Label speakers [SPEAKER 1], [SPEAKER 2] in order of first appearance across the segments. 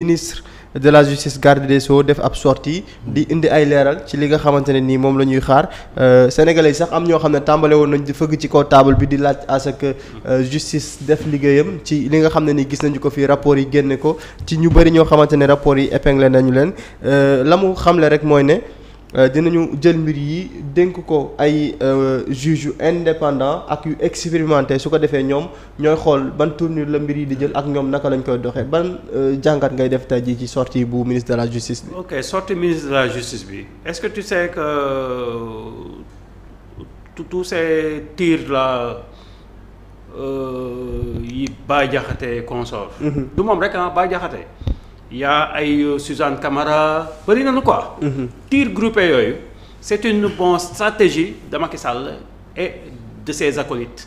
[SPEAKER 1] ministre de la justice garde des sceaux def ab sorti di indi ay leeral ci li nga xamante ne nii moom la ñuy xaar euh, sénégalais yi sax am ñoo xam ne tàmbale woon nañ di fëgg ci kaw table bi di laaj à que euh, justice def liggéeyam ci li nga xam ne nii gis nañu ko fii rapport yi génne ko ci ñu bëri ñoo xamante ne rapport yi épinglé nañu leen euh, la mu xamle rek mooy ne Euh, dinañu jël mbir yi dénk ko ay euh, juge yu indépendant ak yu expérimenté su ko defee ñoom ñooy xool ban tournure la mbir yi di jël ak ñoom naka lañ koy doxee ban euh, jàngat ngay def tey jii ci sortie bu ministre de la justice bi.
[SPEAKER 2] ok sortie ministre de la justice bi est-ce que tu sais que tous ces tirs la yi Bah Diakhaté consort. Mm-hmm. du moom rek ah Bah Diakhaté y ay Suzanne Camara bëri nañu quoi. Mhm. tir groupé yooyu c' est une bonne stratégie dama ki Sall et de ses acolytes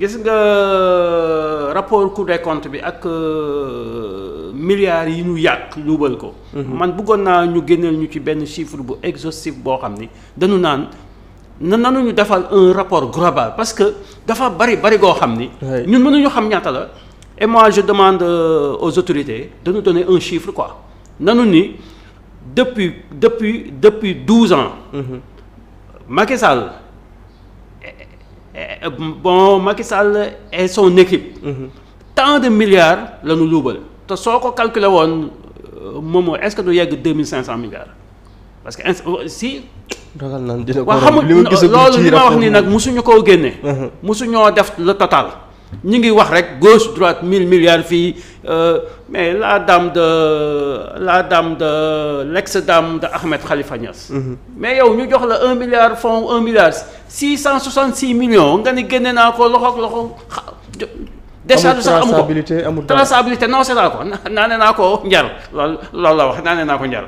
[SPEAKER 2] gis nga euh, rapport Cour des comptes bi ak euh, milliards yi ñu yàq luubal ko. Mhm. man bëggoon naa ñu génneel ñu ci benn chiffre bu exhaustif boo xam ni dañu naan. na nanuñu defal un rapport global parce que dafa bari bari goo xam ni ñun mënuñu xam ñaata la et moi je demande euh, aux autorités de nous donner un chiffre quoi nanu ni depuis depuis depuis douze ans. Mhm. Macky Sall eh, eh, eh, bon Macky et son équipe. Mhm. tant de milliards la ñu luubal te soo ko calculer woon euh, moom est-ce que du yegg deux mille cinq cent milliards parce que euh, si. ragal naa dina ko loolu li ma wax nii nag mosuñu koo génne. Mhm. mosuñoo def le total. ñu ngi wax rek gauche droite mille milliards fii euh, mais la dame de la dame de l'ex dame de Ahmed Khalifa Niass. Mhm. mais yow ñu jox la un milliard fond un milliard six cent soixante six million nga ne génne naa ko loxo ak loxo décharge sax amu ko traçabilité non c'est ko naa ne naa ko njar loolu la wax naa ne naa ko njar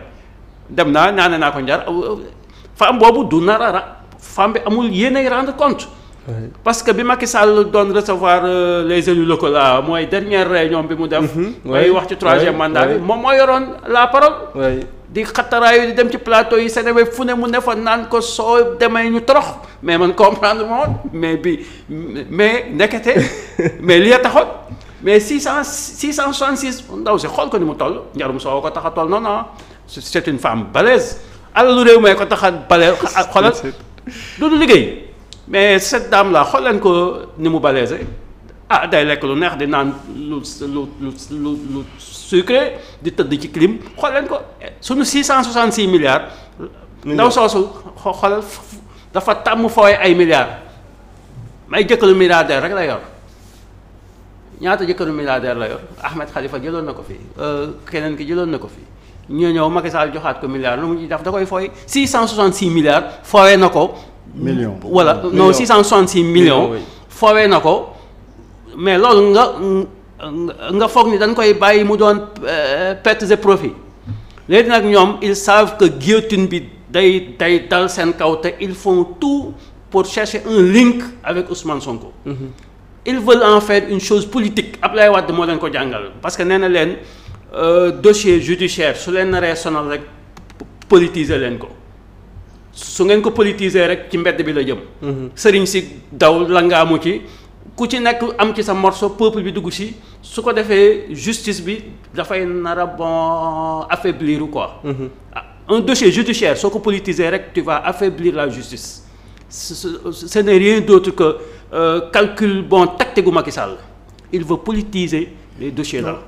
[SPEAKER 2] dem naa naa naa ko njar euh, euh, femme boobu du nara femme bi amul yéenay rend compte parce que bi Macky Sall doon recevoir euh, les élus locaux là ah, mooy dernière réunion bi mu def. mooy mhm. wax ci troisième mandat bi moom moo yoroon la parole. di xattaraayu di dem ci plateau yi Sénégal fu ne mu ne fa naan ko soo demee ñu torox mais man comprendre mais bi mais ndekete mais li a taxoon mais six cent six cent soixante six ndaw si xool ko ni mu toll njarum soo ko tax a toll non non c'est une femme balèze alalu réew mee ko tax a balèze du du liggéey. mais cette dame là xool leen ko ni mu balaise ah day lekk lu neex di naan lu lu lu lu lu di tëdd ci clim xool leen ko eh, suñu 666 milliards. ndaw soosu xoolal dafa tàmm fooy ay milliards may jëkkëru milliardaire rek la yor ñaata jëkkëru milliardaire la yor Ahmed Khalifa jëloon na ko fi euh, keneen ki jëloon na ko fi ñoo ñëw Macky Sall joxaat ko milliards lu mu ci def da koy fooy 666 milliards fooyee na ko. millions voilà non 666 million foowee na ko mais loolu nga nga foog ni dañ koy bàyyi mu doon euh, pertes et profits léegi ak ñoom ils savent que guillotine bi day day dal seen kaw te il font tout pour chercher un link avec Ousmane Sonko. Mm-hmm. ils veulent en faire une chose politique Abdoulaye Wade moo leen ko jàngal parce que nee na leen euh, dossier judiciaire su leen naree sonal rek politiser leen ko. su ngeen ko politiser rek ci mbedd bi la jëm. Mhm. sëriñ si daw la nga amu ci ku ci nekk am ci sa morceau peuple bi dugg si su ko defee justice bi dafay nara a bon affaiblir quoi. Mhm. Ah, un dossier judiciaire soo ko politiser rek tu vas affaiblir la justice ce n'est rien d'autre que euh, calcul bon tactique gu Macky Sall il veut politiser les la là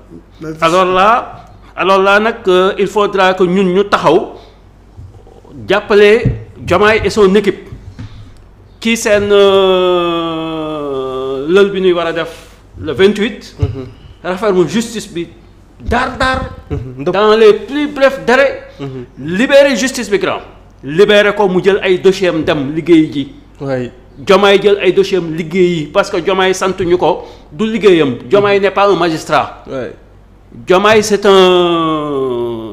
[SPEAKER 2] alors la alors la nag euh, il faudra que ñun ñu taxaw. jàppale Diomaye et son équipe ci seen euh, lël bi nuy war a def le 28. Mm-hmm. réforme justice bi daar daar. Mm-hmm. dans les plus brefs délais. Mm-hmm. libérer justice bi grand. libérer ko mu jël ay dossiers am dem liggéey ji. waay Diomaye jël ay dossiers am liggéeyi parce que Diomaye sant ñu ko du liggéeyam Diomaye n'est pas un magistrat. waay Diomaye c'est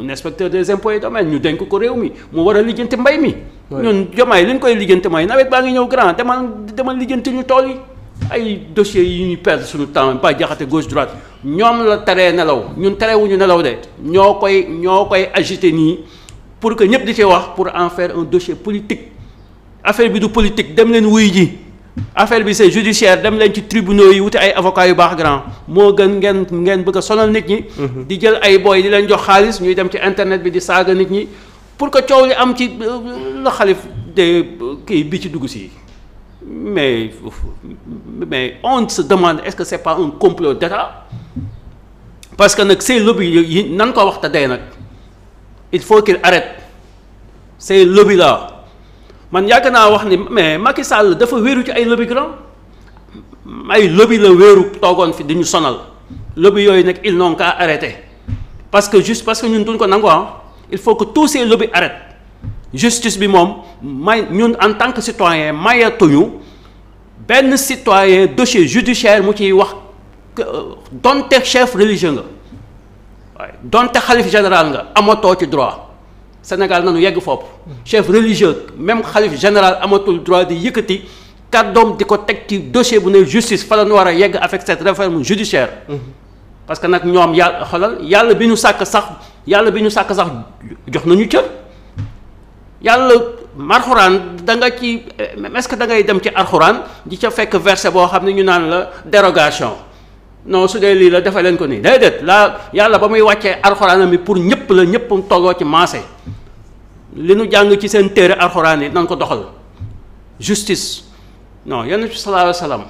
[SPEAKER 2] un inspecteur des impôts et domaines ñu dénk ko réew mi mu war a lijjanti mbay mi. ñun jomaay li ñu koy lijjanti mooy nawet baa ngi ñëw grand demal demal lijjanti ñu tool yi. ay dossiers yi ñu perdre suñu temps ba jaxate gauche droite ñoom la teree nelaw ñun terewuñu nelaw de ñoo koy ñoo koy agité nii pour que ñëpp di ci wax pour en faire un dossier politique affaire bi du politique dem leen wuy ji. affaire bi c'est judiciaire dem leen ci tribunaux yi wuti ay avocats yu baax grand moo gën ngeen ngeen bëgg a sonal nit ñi. Mhm. di jël ay booy di leen jox xaalis ñuy dem ci internet bi di saaga nit ñi pour que coow li am ci euh, la xalif de kii bi ci dugg si. mais mais on sa demande est-ce que c'est pas un complot d'État parce que nag ces lobby yi nan ko wax te day nag il faut qu'il arrête ces lobby là. man yàgg naa wax ni mais Macky Sall dafa wéeru ci ay lobby grand ay lobby la wéeru toogoon fi di ñu sonal lobby yooyu nag ils n'ont qu'à arrêter parce que juste parce que ñun duñ ko nangu ah. il faut que tous ces lobby arrêtent justice bi moom may ñun en tant que citoyen mayatuñu benn citoyen dossier judiciaire mu ciy wax euh, donte chef religieux nga waaye donte xalif général nga amatoo ci droit Sénégal nanu yegg foofu chef religieux même xalif général amatul droit di yëkkati kàddoom di ko teg ci dossier bu ne justice fa la ñu war a yegg avec cette réforme judiciaire parce que nag ñoom yàlla xolal yàlla bi ñu sàkk sax yàlla bi ñu sàkk sax jox nañu cër yàlla marxuraan da nga ci est-ce que da ngay dem ci arxuraan di ca fekk verset boo xam ne ñu naan la dérogation non su dee lii la defee leen ko nii déedéet la yàlla ba muy wàccee arxuraan bi pour ñëpp la ñëpp tolloo ci maase li nu jàng ci seen téere alxuraan yi nan ko doxal justice non yonent bi sallallahu alayhi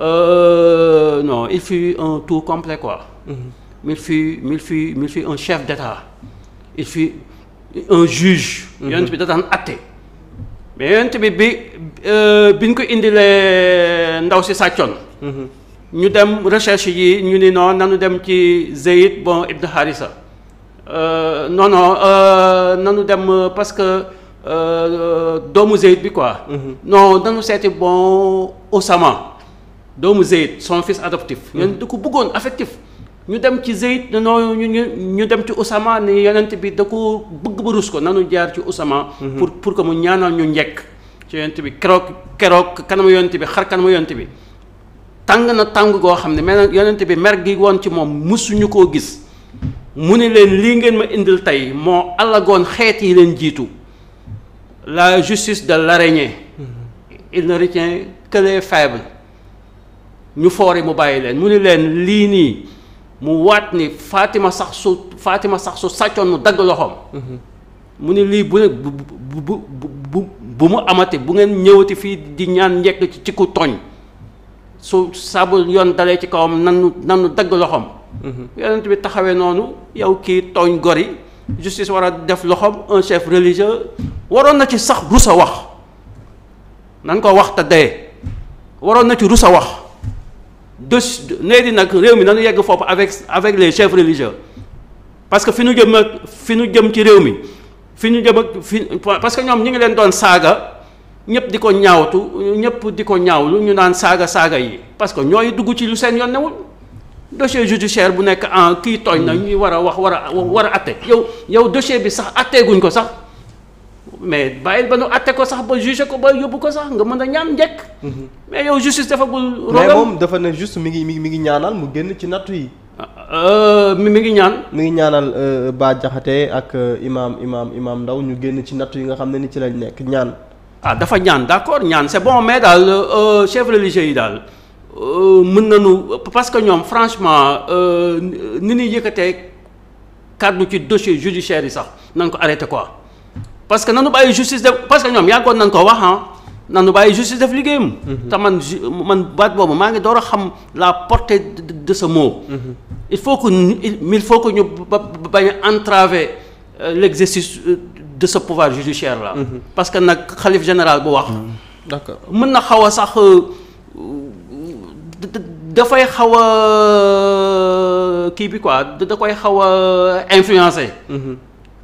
[SPEAKER 2] euh, il fut un tout complet quoi mm -hmm. il fut il il fut un chef d'État il fut un juge mm-hmm. yonent bi da daan atte mais yonent bi bi euh, bi ñu ko indilee ndaw si sàccoon mm-hmm. ñu dem recherche yi ñu ni noonu nanu dem ci Zayd bon Ibn Harisa Euh, non non euh, nanu dem euh, parce que doomu Zeyid bi quoi. Mhm. no nanu seeti bon Osama doomu Zeyid son fils adoptif. Mhm. ñun du ko bëggoon affectif. ñu dem ci Zeyid non ñu ñu dem ci Osama ne yonent bi da ko bëgg ba rus ko nanu jaar ci Osama. Mhm. pour pour que mu ñaanal ñu njekk ci yonent bi keroog keroog kanamu yonent bi xar kanamu yonent bi tàng na tàng goo xam ne mais nag yonent bi mer gi woon ci moom musuñu koo gis. mu ni leen lii ngeen ma indil tey moo alagoon xeet yi leen jiitu la justice de l'araignée mm-hmm. il ne retient que les faibles ñu foori mu bàyyi leen mu ne leen lii nii mu waat ni Fatima sax su Fatima sax su sàccoon mu dagg loxoom mm-hmm. mu ne lii bu bu bu bu mu amati bu ngeen ñëwati fii di ñaan njekk ci ku tooñ su saabu yoon dalee ci kawam nanu nu dagg loxoom Mm-hmm. yonent bi taxawee noonu yow kii tooñ gor yi justice war a def loxoom un chef religieux waroon na ci sax rusa wax nan ko wax te dee waroon na ci rus rusa wax de léegi nag réew mi nanu yegg foofu avec avec les chefs religieux parce que fi nu jëm ak fi nu jëm ci réew mi fi ñu jëm ak fi parce que ñoom ñu ngi leen doon saaga ñëpp di ko ñaawtu ñëpp di ko ñaawlu ñu naan saaga saaga yi parce que ñooy dugg ci lu seen yoon newul dossier judiciaire bu nekk en kii tooñ na ñuy war a wax war a war a atte yow yow dossier bi sax atteeguñ ko sax mais bàyyil ba nu atte ko sax ba jugé ko ba yóbbu ko sax nga mën a ñaan njekk mhm.
[SPEAKER 1] mais yow justice dafa gul. mais moom dafa ne juste mi ngi mi ngi mi ngi ñaanal mu génn ci nattu yi. Euh, mi mi ngi ñaan. mi ngi ñaanal euh, ba Diakhaté ak euh, imaam imaam imaam ndaw ñu génn ci nattu yi nga xam ne ni ci lañ nekk ñaan. ah dafa ñaan d'accord ñaan c'est bon mais daal chef religieux yi daal. Euh,
[SPEAKER 2] mën nañu parce que ñoom franchement euh, ni ñuy yëkkatee kàddu ci dossier judiciaire yi sax nañ ko arrêté quoi parce que nanu bàyyi justice def parce que ñoom yàggoon nañ ko wax ah nanu bàyyi justice def liggéeyam. Mhm. te man man baat boobu maa ngi door a xam la portée de ce mot. il faut que il faut que ñu bañ a entraver euh, l'exercice de ce pouvoir judiciaire la mhm. parce que nag xalif général bu wax. d'accord na xaw sax. dafay xaw a kii bi quoi da koy xaw a influencer. Mm-hmm.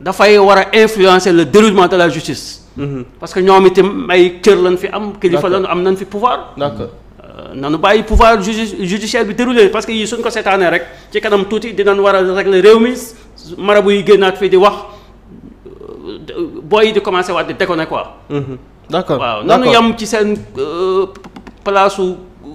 [SPEAKER 2] dafay war a influencer le déroulement de la justice. Mm-hmm. parce que ñoom itam ay cër lañ fi am. kilifa lañ am nañ fi pouvoir. d'accord euh, nanu bàyyi pouvoir judi judiciaire bi déroulé parce que yii suñ ko seetaanee rek ci kanam tuuti dinañ war a régler réew mi marabu yi génnaat fii di wax euh, booy yi di commencé waat di déconner quoi. Mm-hmm.
[SPEAKER 1] d'accord nanu yam
[SPEAKER 2] ci seen euh, place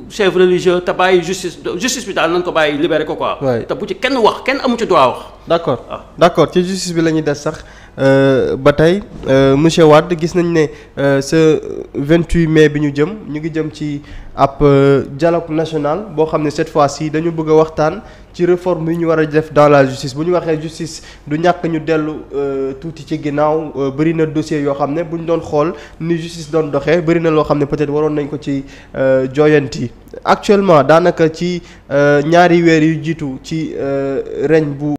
[SPEAKER 2] chef religieux te bàyyi justice justice bi daal nañ ko bàyyi libéré ko quoi. te bu ci kenn wax kenn amu ci droit wax. d'
[SPEAKER 1] accord ah. d' accord ci justice bi la ñuy des sax. Euh, ba tey euh, monsieur Wade gis nañ ne euh, ce 28 mai bi ñu jëm ñu ngi jëm ci ab dialogue national boo xam ne cette fois-ci dañu bëgg a waxtaan ci réforme yi ñu war a def dans la justice bu ñu waxee justice du ñàkk ñu dellu tuuti ci ginnaaw bëri na dossier yoo xam ne bu ñu doon xool ni justice doon doxee bëri na loo xam ne peut-être waroon nañ ko ci yi actuellement daanaka ci ñaari weer yu jiitu ci reñ bu